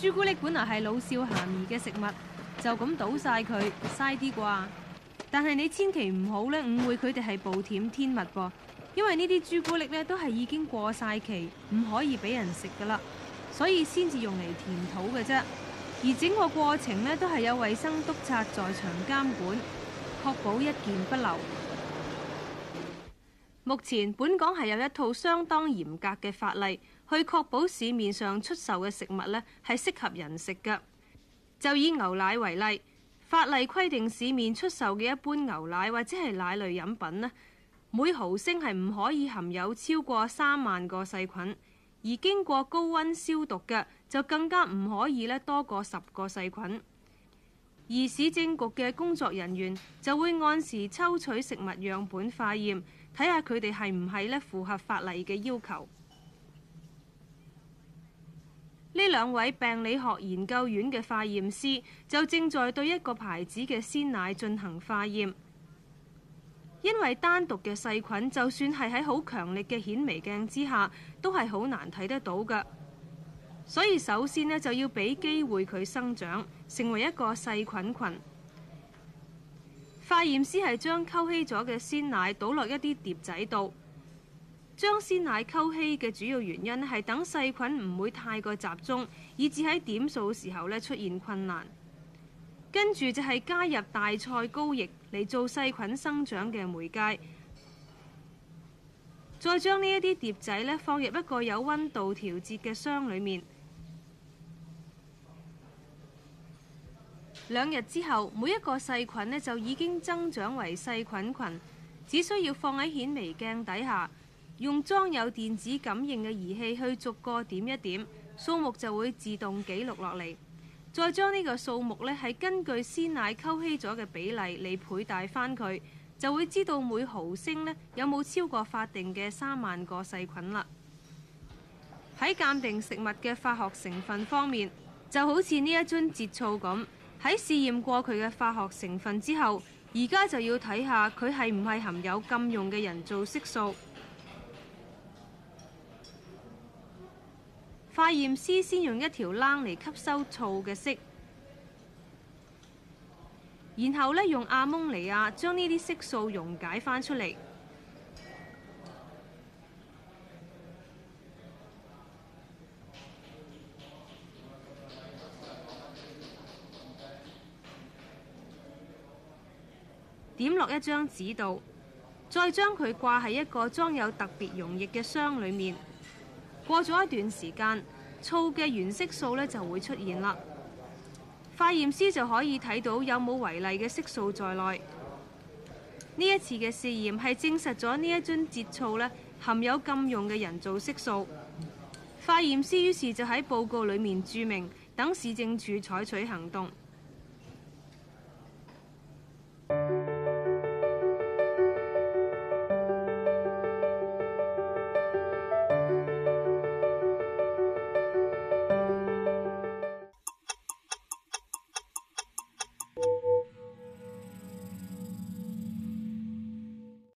朱古力本來係老少咸宜嘅食物，就咁倒晒佢，嘥啲啩。但係你千祈唔好咧，誤會佢哋係暴殄天物噃，因為呢啲朱古力咧都係已經過晒期，唔可以俾人食噶啦，所以先至用嚟填土嘅啫。而整個過程咧都係有衛生督察在場監管，確保一件不漏。目前本港係有一套相當嚴格嘅法例。去確保市面上出售嘅食物呢係適合人食嘅。就以牛奶為例，法例規定市面出售嘅一般牛奶或者係奶類飲品呢，每毫升係唔可以含有超過三萬個細菌。而經過高溫消毒嘅就更加唔可以多過十個細菌。而市政局嘅工作人員就會按時抽取食物樣本化驗，睇下佢哋係唔係符合法例嘅要求。呢兩位病理學研究院嘅化驗師就正在對一個牌子嘅鮮奶進行化驗，因為單獨嘅細菌就算係喺好強力嘅顯微鏡之下都係好難睇得到嘅，所以首先呢，就要俾機會佢生長，成為一個細菌群。化驗師係將溝稀咗嘅鮮奶倒落一啲碟仔度。將鮮奶溝稀嘅主要原因係等細菌唔會太過集中，以至喺點數時候呢出現困難。跟住就係加入大菜膏液嚟做細菌生長嘅媒介，再將呢一啲碟仔呢放入一個有溫度調節嘅箱裏面。兩日之後，每一個細菌呢就已經增長為細菌群，只需要放喺顯微鏡底下。用裝有電子感應嘅儀器去逐個點一點，數目就會自動記錄落嚟。再將呢個數目呢，係根據鮮奶溝稀咗嘅比例嚟倍大翻佢，就會知道每毫升呢，有冇超過法定嘅三萬個細菌啦。喺鑑定食物嘅化學成分方面，就好似呢一樽節醋咁，喺試驗過佢嘅化學成分之後，而家就要睇下佢係唔係含有禁用嘅人造色素。化驗師先用一條冷嚟吸收醋嘅色，然後咧用阿蒙尼亞將呢啲色素溶解翻出嚟，點落一張紙度，再將佢掛喺一個裝有特別溶液嘅箱裏面。過咗一段時間，醋嘅原色素咧就會出現啦。化驗師就可以睇到有冇違例嘅色素在內。呢一次嘅試驗係證實咗呢一樽節醋咧含有禁用嘅人造色素。化驗師於是就喺報告裡面註明，等市政處採取行動。